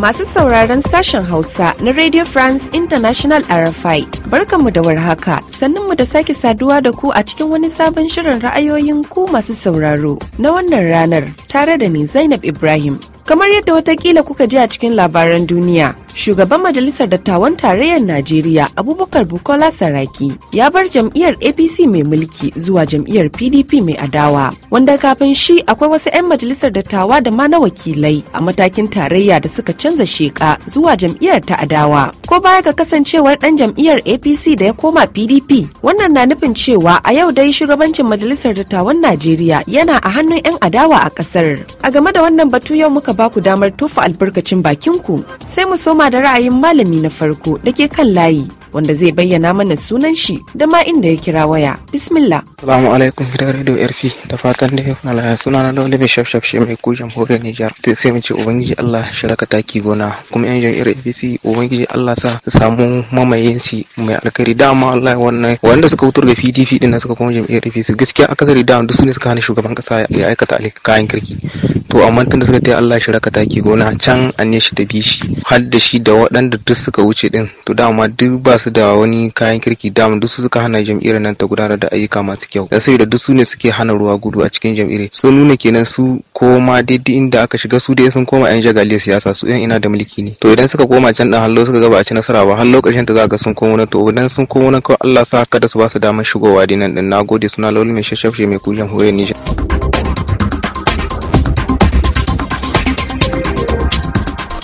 Masu sauraron sashen Hausa na Radio France International RFI, barkanmu da warhaka, mu da sake saduwa da ku a cikin wani sabon shirin ra'ayoyin ku masu sauraro na wannan ranar tare da ni Zainab Ibrahim. Kamar yadda watakila kuka ji a cikin labaran duniya, shugaban majalisar dattawan tarayyar najeriya abubakar bukola saraki ya bar jam'iyyar apc mai mulki zuwa jam'iyyar pdp mai adawa wanda kafin shi akwai wasu 'yan majalisar dattawa da ma na wakilai a matakin tarayya da suka canza sheka zuwa jam'iyyar ta adawa ko baya ga kasancewar ɗan jam'iyyar apc da ya koma pdp wannan na nufin cewa a yau dai shugabancin majalisar dattawan najeriya yana a hannun 'yan adawa a ƙasar. a game da wannan batu yau muka baku damar tofa albarkacin bakinku sai mu soma da ra'ayin malami na farko da ke kan layi wanda zai bayyana mana sunan shi da ma inda ya kira waya. Bismillah. Assalamu alaikum gidan Radio RP da fatan da kuna lafiya suna na mai shafshaf shi mai ku jamhuriyar Nijar. To sai mu ce ubangiji Allah shiraka taki gona kuma yan jam'iyyar APC ubangiji Allah sa su samu mamayen shi mai alkhairi dama Allah wannan wanda suka wutar ga PDP din suka kuma jam'iyyar APC gaskiya akasari da duk su ne suka hana shugaban kasa ya aikata kayan kirki. To amma tun da suka ta Allah shiraka taki gona can an shi ta bi shi har da shi da waɗanda duk suka wuce din to dama duk ba su da wani kayan kirki dam duk su suka hana jam'iyyar nan ta gudanar da ayyuka masu kyau da saboda duk su ne suke hana ruwa gudu a cikin jam'iyyar sun nuna kenan su koma daidai inda aka shiga su dai sun koma yan jagaliyar siyasa su yan ina da mulki ne to idan suka koma can dan hallo suka ga ba a ci nasara ba hallo karshen ta za ga sun komo na to idan sun komo nan kawai Allah sa kada su ba su damar shigowa dinan din nagode suna laulun mai shashafshe mai kujan hore Nijar.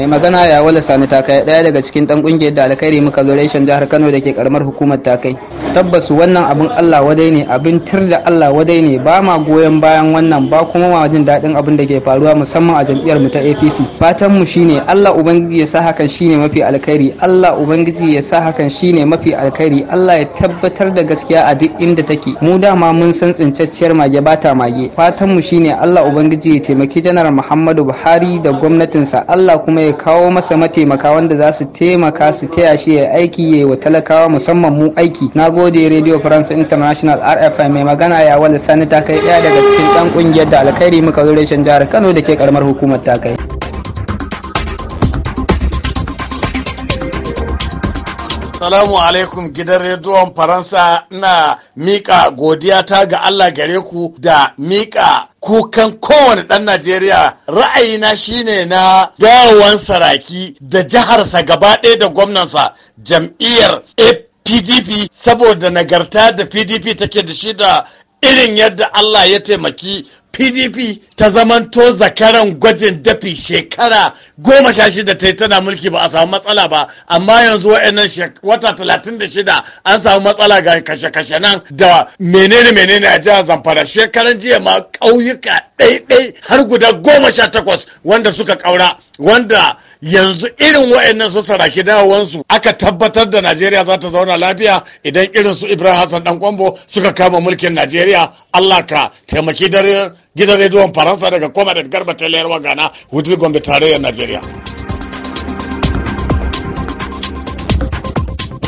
mai magana ya wala sani takai daya daga cikin dan kungiyar da alkhairi muka zo jihar kano da ke karamar hukumar takai tabbas wannan abin Allah wadai ne abin tir da Allah wadai ne ba ma goyon bayan wannan ba kuma ma jin daɗin abin da ke faruwa musamman a jam'iyyar mu ta APC fatan mu shine Allah ubangiji ya sa hakan shine mafi alkhairi Allah ubangiji ya sa hakan shine mafi alkhairi Allah ya tabbatar da gaskiya a duk inda take mu dama mun san tsincacciyar mage bata mage fatan mu shine Allah ubangiji ya taimaki janar Muhammadu Buhari da gwamnatinsa Allah kuma ya kawo masa mataimaka wanda za su taimaka su taya shi ya aiki ya wa talakawa musamman mu aiki nagode gode radio france international rfi mai magana ya wala sani ta kai daya daga cikin dan kungiyar da alkhairi muka zo reshen jihar kano da ke karamar hukumar ta kai Salamu alaikum gidan rediyon Faransa na mika godiya ta ga Allah gare ku da mika kukan kowane ɗan Najeriya ra'ayina shine na dawowan saraki da jiharsa gaba ɗaya da gwamnansa jam'iyyar AP pdp saboda nagarta da pdp take da shi da irin yadda allah ya taimaki pdp ta zamanto zakaran gwajin dafi shekara goma sha shida ta yi tana mulki ba a samu matsala ba amma yanzu wa'annan wata talatin da shida an samu matsala ga kashe-kashe nan da menene menene a jihar zamfara shekaran jiya ma ƙauyuka ɗaiɗai har guda goma sha takwas wanda suka ƙaura wanda yanzu irin wa'annan su saraki dawowansu aka tabbatar da najeriya za ta zauna lafiya idan irin su ibrahim hassan dan kwambo suka kama mulkin najeriya allah ka taimaki gidan rediyon faransa daga kwamadar garba ta layar gana hudu gombe tarayyar najeriya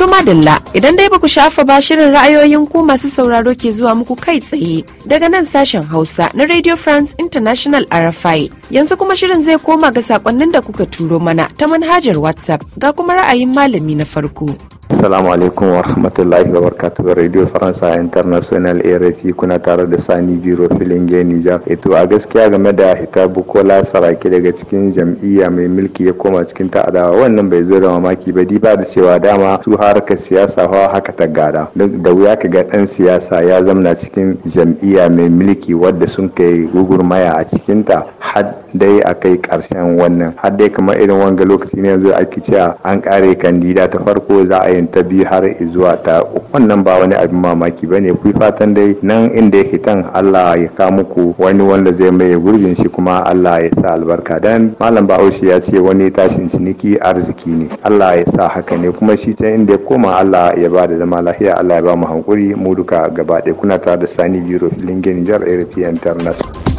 To madalla idan dai baku shafa ba shirin ra'ayoyin ku masu sauraro ke zuwa muku kai tsaye daga nan sashen Hausa na Radio France International RFI. Yanzu kuma shirin zai koma ga sakonnin da kuka turo mana ta manhajar WhatsApp ga kuma ra'ayin malami na farko. Assalamu alaikum wa rahmatullahi wa barakatuh Radio Faransa International ARC kuna tare da Sani Biro Filinge Nijar. Eto a gaskiya game da hita Bukola Saraki daga cikin jam'iyya mai mulki ya koma cikin ta'adawa, wannan bai zo da mamaki ba diba da cewa dama su harkar siyasa fa haka ta gada. Da wuya ka ga dan siyasa ya zamna cikin jam'iyya mai mulki wadda sun kai gugurmaya a cikin ta har dai a kai karshen wannan har dai kamar irin wanga lokaci ne yanzu ake cewa an kare kandida ta farko za a layin ta biyu har zuwa ta wannan ba wani abin mamaki bane ku fatan dai nan inda yake tan Allah ya ka muku wani wanda zai mai gurbin shi kuma Allah ya sa albarka dan malam Bahaushe ya ce wani tashin ciniki arziki ne Allah ya sa haka ne kuma shi ta inda ya koma Allah ya ba da zama lafiya Allah ya ba mu hankuri mu duka gaba ɗaya kuna tare da Sani Biro Filin Gini Jar Airfield International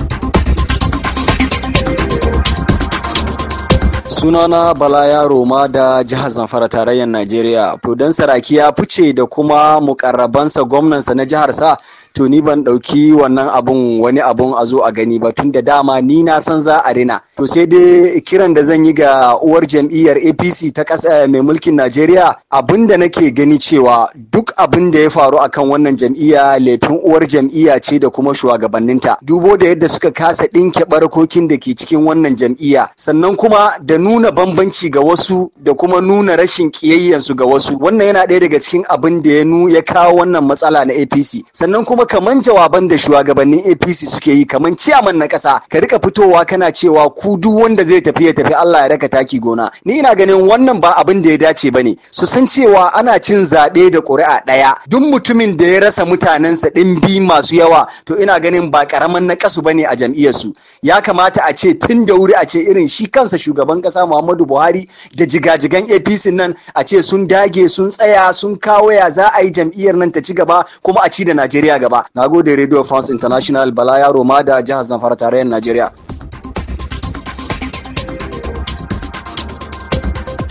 sunana bala ya roma da jihar zamfara tarayyar najeriya fudan saraki ya fice da kuma mukarrabansa gwamnansa na jihar sa to ni ban ɗauki wannan abun wani abun a zo a gani ba tun da dama ni na san za a rina to sai dai kiran da zan yi ga uwar jam'iyyar apc ta ƙasa eh, mai mulkin najeriya abin da nake gani cewa duk abin da ya faru akan wannan jam'iyya laifin uwar jam'iyya ce da kuma shugabanninta dubo da yadda suka kasa ɗinke barkokin da ke cikin wannan jam'iyya sannan kuma da nuna bambanci ga wasu da kuma nuna rashin ƙiyayyansu ga wasu wannan yana ɗaya daga cikin abin da ya nu ya kawo wannan matsala na apc sannan kuma kaman jawaban da shugabannin apc suke yi kaman ciyaman na ƙasa ka rika fitowa kana cewa ku duk wanda zai tafi ya tafi Allah ya raka taki gona ni ina ganin wannan ba abin da ya dace bane su san cewa ana cin zaɓe da ƙuri'a ɗaya duk mutumin da ya rasa mutanensa ɗin bi masu yawa to ina ganin ba ƙaramin na kasu bane a jam'iyyarsu ya kamata a ce tun da wuri a ce irin shi kansa shugaban ƙasa Muhammadu Buhari da jigajigan APC nan a ce sun dage sun tsaya sun kawo ya za a yi jam'iyyar nan ta ci gaba kuma a ci da Najeriya gaba nagode Radio France International Bala Yaro ma da jihar Zamfara tarayyar Najeriya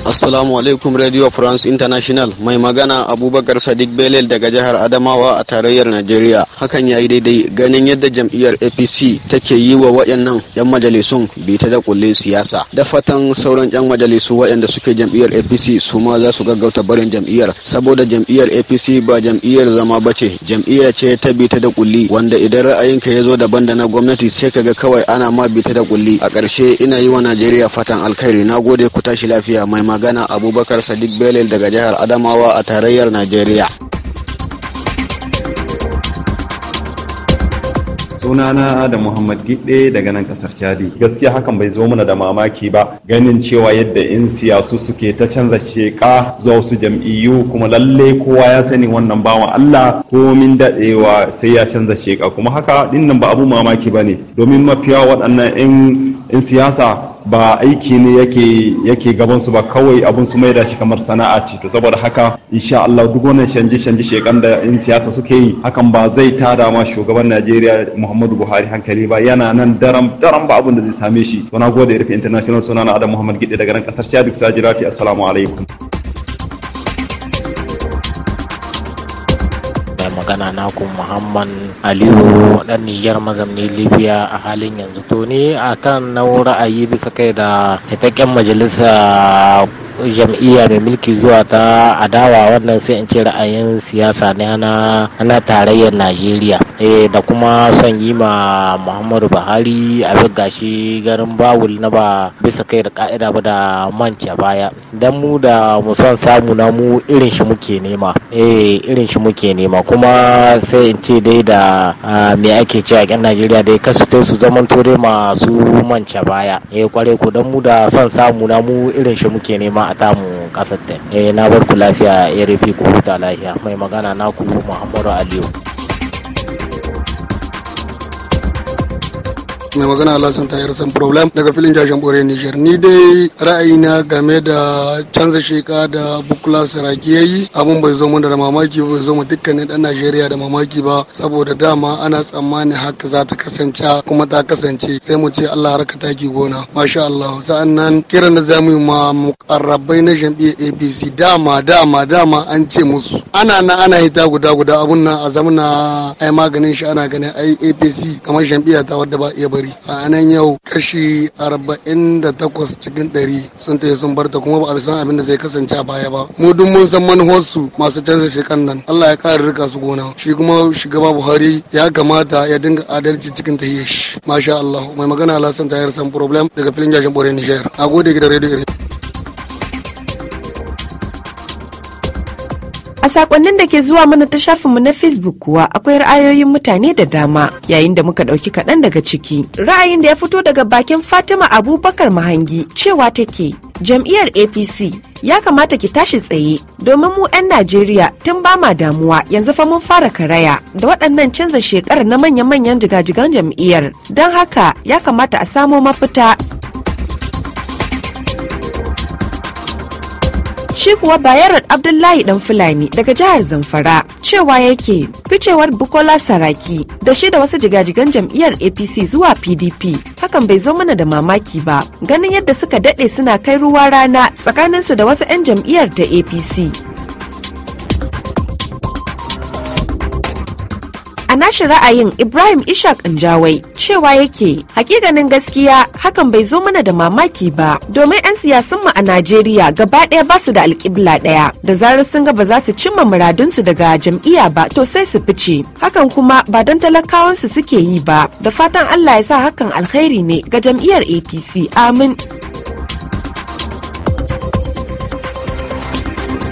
Assalamu alaikum Radio France International mai magana Abubakar Sadiq Belel daga jihar Adamawa a tarayyar Najeriya. Hakan yayi daidai ganin yadda jam'iyyar APC take yi wa waɗannan 'yan majalisun bi ta da kullin siyasa. Da fatan sauran 'yan majalisu waɗanda suke jam'iyyar APC su ma za su gaggauta barin jam'iyyar saboda jam'iyyar APC ba jam'iyyar zama ba ce jam'iyya ce ta bi ta da kulli wanda idan ra'ayinka ya zo daban da na gwamnati sai kaga kawai ana ma bi ta da kulli. A ƙarshe ina yi wa Najeriya fatan alkhairi. Nagode ku tashi lafiya mai magana Abubakar Sadiq Belil daga jihar Adamawa a tarayyar Najeriya. sunana da muhammad gidde daga nan kasar chadi gaskiya hakan bai zo mana da mamaki ba ganin cewa yadda 'yan siyasu suke ta canza sheka zuwa wasu jam'iyyu kuma lalle kowa ya sani wannan bawan allah komin dadewa sai ya canza sheka kuma haka dinnan ba abu mamaki ba ne domin mafiya waɗannan 'yan siyasa ba aiki ne yake yake gaban su ba kawai abun su maida shi kamar sana'a ce to saboda haka insha Allah duk wannan shanje shanje shekan da in siyasa suke yi hakan ba zai tada ma shugaban Najeriya Muhammadu Buhari hankali ba yana nan daram daram ba abun da zai same shi to na gode rufe international sunana Adam Muhammad Gide daga nan kasar Chad ta jira assalamu alaikum magana naku Muhammad Aliyu dan Nijar mazamni Libya a halin yanzu to ni akan na ra'ayi bisa kai da hitaken majalisa jam'iyya mai mulki zuwa ta adawa wannan sai in ce ra'ayin siyasa ne na tarayyar najeriya eh, da kuma son yi ma muhammadu buhari abin gashi garin bawul na ba bisa kai da ka'ida ba da manca baya don mu da mu samu na mu irin shi muke nema eh irin shi muke nema kuma sai in ce dai da me ake ce a najeriya dai kasu ta su zaman tore masu manca baya eh kware ku don mu da son samu na mu irin shi muke nema ma a tamu kasar ta eh, na barku lafiya ya rufe ku huta lafiya mai magana naku muhammadu aliyu mai magana ta Tayar San Problem daga filin Jajen Bore Niger. Ni dai ra'ayina game da canza sheka da Bukula Saraki yayi abun bai zo da mamaki bai zo mu dukkanin dan Najeriya da mamaki ba saboda dama ana tsammani haka za ta kasance kuma ta kasance sai mu ce Allah harka taki gona. Masha Allah sa'an nan kiran da zamu yi ma mukarrabai na jam'iyyar APC dama dama dama an ce musu ana na ana ta guda guda abun nan a zamana ai maganin shi ana ganin ai APC kamar jam'iyya ta wadda ba iya bari gari a nan yau kashi arba'in da cikin ɗari sun taya sun barta kuma ba a san abin da zai kasance a baya ba mu duk mun san manuwarsu masu canza shekan nan Allah ya kare rika su gona shi kuma shugaba Buhari ya kamata ya dinga adalci cikin tahiyar shi masha Allah mai magana Alhassan Tayar san problem daga filin jashin Bore Niger nagode gidan radio A sakonnin da ke zuwa mana ta shafinmu na Facebook kuwa akwai ra'ayoyin mutane da dama yayin da muka ɗauki kaɗan daga ciki. Ra'ayin da ya fito daga bakin Fatima Abubakar Mahangi cewa take jam'iyyar APC ya kamata ki tashi tsaye domin mu 'yan Najeriya tun ba ma damuwa yanzu fa mun fara karaya da waɗannan canza shekarar na manya-manyan jiga-jigan jam'iyyar don haka ya kamata a samo mafita shi kuwa bayarat abdullahi dan fulani daga jihar zamfara cewa yake ficewar bukola saraki da shi da wasu jigajigan jam'iyyar apc zuwa pdp hakan bai zo mana da mamaki ba ganin yadda suka daɗe suna kai ruwa rana tsakaninsu da wasu 'yan jam'iyyar ta apc a nashi ra'ayin ibrahim ishaq injawai cewa yake hakikanin gaskiya hakan bai zo mana da mamaki ba domin 'yan siyasan mu a najeriya gaba ɗaya ba su da alƙibla ɗaya da zarar sun ga ba za su cimma muradunsu daga jam'iyya ba to sai su fice hakan kuma ba don talakawansu suke yi ba da fatan allah ya sa hakan alkhairi ne ga jam'iyyar apc amin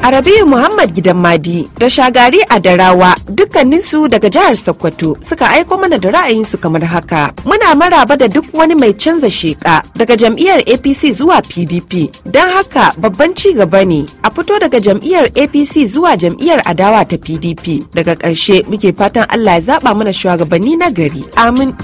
Arabiyu Muhammad Gidan Madi da Shagari a Adarawa dukkaninsu daga jihar Sokoto suka aiko mana da ra'ayinsu kamar haka. Muna maraba da duk wani mai canza sheka daga jam'iyyar APC zuwa PDP. Don haka babban ci gaba ne a fito daga jam'iyyar APC zuwa jam'iyyar adawa ta PDP. Daga ƙarshe muke fatan Allah ya zaɓa mana shugabanni na gari. Amin.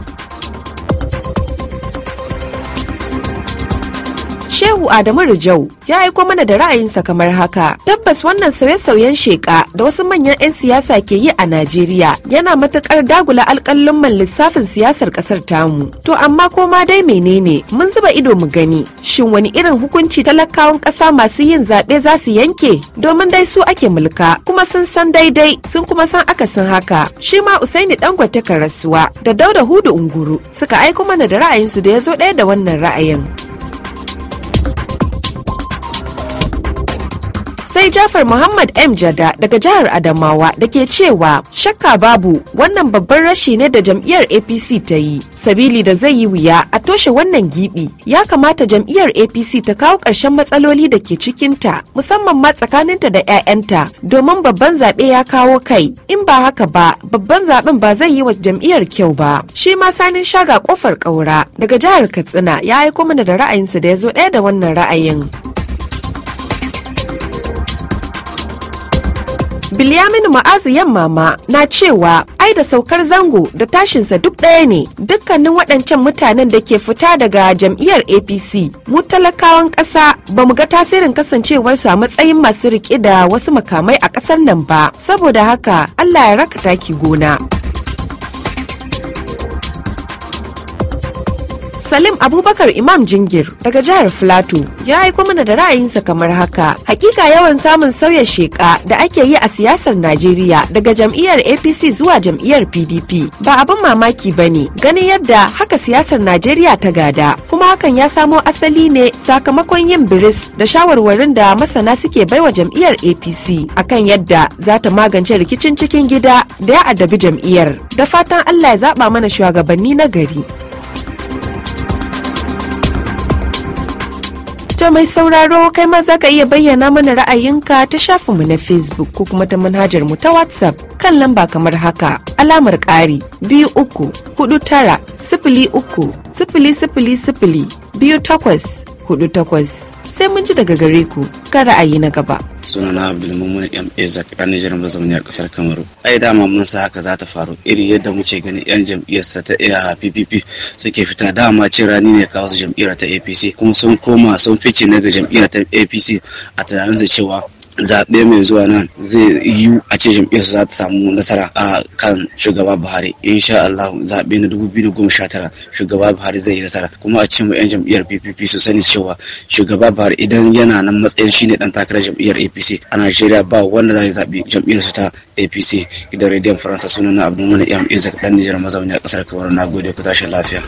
Shehu Adamu Rijau ya aiko mana da ra'ayinsa kamar haka. Tabbas wannan sauye-sauyen sheka da wasu manyan 'yan siyasa ke yi a Najeriya yana matukar dagula alƙalin lissafin siyasar ƙasar tamu. To amma ko ma dai menene mun zuba ido mu gani shin wani irin hukunci talakawan ƙasa masu yin zaɓe za su yanke domin dai su ake mulka kuma sun san daidai sun kuma san akasin haka. Shi ma Usaini Dangote Karasuwa da Dauda Hudu Unguru suka aiko mana da ra'ayinsu da ya zo ɗaya da wannan ra'ayin. sai Jafar Muhammad M Jada daga jihar Adamawa da ke cewa shakka babu wannan babban rashi ne da jam'iyyar APC ta yi sabili da zai yi wuya a toshe wannan gibi ya kamata jam'iyyar APC ta kawo ƙarshen matsaloli da ke cikinta musamman ma tsakaninta da 'ya'yanta domin babban zaɓe ya kawo kai in ba haka ba babban zaɓen ba zai yi wa jam'iyyar kyau ba shi ma sanin shaga kofar ƙaura daga jihar Katsina ya aiko mana da ra'ayinsa da ya zo ɗaya da wannan ra'ayin. Bilyamin Ma'azu yamma ma na cewa ai da saukar zango da tashinsa duk ɗaya ne dukkanin waɗancan mutanen da ke fita daga jam'iyyar APC mu talakawan ƙasa ba mu ga tasirin kasancewar su a matsayin masu riƙe da wasu makamai a ƙasar nan ba saboda haka Allah ya raka taki gona. Salim Abubakar Imam Jingir daga jihar Filato ya aiko mana da ra'ayinsa kamar haka. Hakika yawan samun sauya sheka da ake yi a siyasar Najeriya daga jam'iyyar APC zuwa jam'iyyar PDP ba abin mamaki ba ne ganin yadda haka siyasar Najeriya ta gada kuma hakan ya samo asali ne sakamakon yin biris da shawarwarin da masana suke baiwa jam'iyyar APC akan yadda za ta magance rikicin cikin gida da ya addabi jam'iyyar da fatan Allah ya zaɓa mana shugabanni na gari. To mai sauraro kai ma za ka iya bayyana mana ra'ayinka ta shafinmu na Facebook ko kuma ta manhajar mu ta WhatsApp kan lamba kamar haka alamar ƙari biyu uku hudu tara sifili uku sifili sifili sifili biyu takwas hudu takwas sai mun ji daga gare ku kan ra'ayi na gaba. Suna sunana abdulmumun m ezak a nijar mazaunin a kasar kamaru ai dama mun sa haka za ta faru iri yadda muke ganin yan jam'iyyarsa ta ppp eh, suke fita dama ce rani ne kawo su jam'iyyar ta apc kuma sun koma sun fice na ga jam'iyyar ta apc a tunaninsu cewa zaɓe mai zuwa nan zai yi a ce jam'iyyarsa za ta samu nasara a kan shugaba buhari insha allah zaɓe na 2019 shugaba buhari zai yi nasara kuma a ce mu yan jam'iyyar ppp su sani cewa shugaba buhari idan yana nan matsayin shine dan takarar jam'iyyar apc a najeriya ba wanda zai zaɓi su ta apc idan rediyon faransa sunana mana yam izak dan nijar mazauni a ƙasar kawar na gode ku tashi lafiya.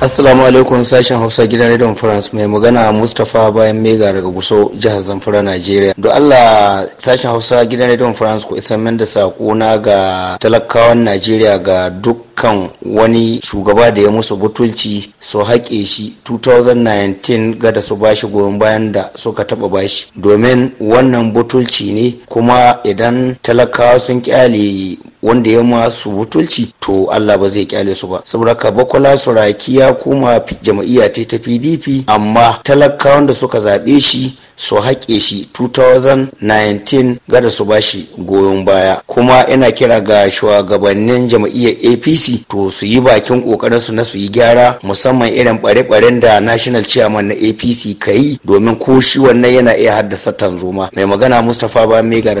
assalamu alaikum sashen hausa gidan radio france mai magana mustapha bayan mega daga guso jihar zamfara nigeria da allah sashen hausa gidan radio france ku isa min da saƙo na ga talakawan nigeria ga duk kan wani shugaba da ya musu butulci su haƙe shi 2019 da su bashi goyon bayan da suka taɓa bashi domin wannan butulci ne kuma idan talakawa sun ƙyale wanda ya masu butulci to Allah ba zai kyale su ba saboda ka bakwala raki ya koma jam'iyya ta pdp amma talakawan da suka zaɓe shi su haƙe shi 2019 gada su bashi goyon baya kuma ina kira ga shugabannin jam'iyyar apc to su yi bakin ƙoƙarinsu na su yi gyara musamman irin ɓare-ɓaren da national chairman na apc ka yi domin ko shi wannan yana iya haddasa tanzoma mai magana mustapha ba mega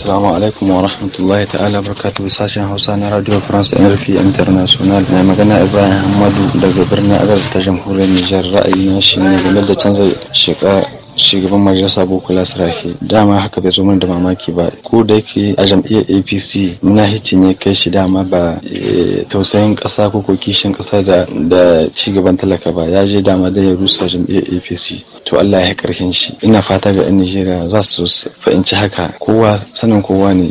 Assalamu alaikum wa rahmatullahi ta'ala barkatu sashen Hausa na Radio France NRP International mai magana Ibrahim Hamadu daga birnin agas ta jamhuriyar Nijar ra'ayi na shi ne game da canza shiga shugaban majalisa boko lasarafi dama haka bai zo min da mamaki ba ko da yake a jam'iyyar apc muna hici ne kai shi dama ba eh, tausayin kasa ko kishin ƙasa da ci gaban talaka ba ya je dama da ya rusa jam'iyyar apc to Allah ya karshen shi ina fata ga 'yan Najeriya za su fahimci haka kowa sanin kowa ne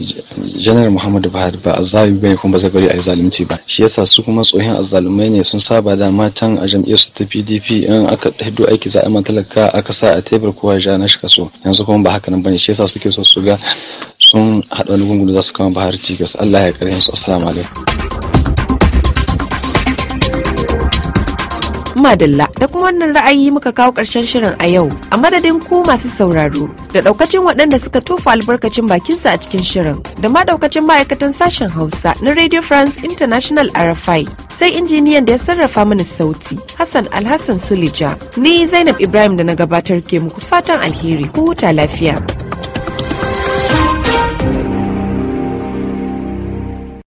janar Muhammadu Buhari ba azabi bane kuma ba zai bari a yi zalunci ba shi yasa su kuma tsohon azzalumai ne sun saba da matan a jam'iyyar su ta PDP in aka hiddo aiki za a talaka aka sa a tebur kowa ja na shiga so yanzu kuma ba haka nan bane shi yasa suke so su ga sun haɗa wani gungun za su kama Buhari cikas Allah ya karshen su assalamu alaikum madalla da kuma wannan ra'ayi muka kawo ƙarshen shirin a yau a madadin ku masu sauraro da ɗaukacin waɗanda suka tofa albarkacin bakinsa a cikin shirin da ma ɗaukacin ma'aikatan sashen hausa na radio france international rfi sai injiniyan da ya sarrafa mana sauti hassan alhassan sulija ni zainab ibrahim da na gabatar ke muku fatan alheri ku huta lafiya.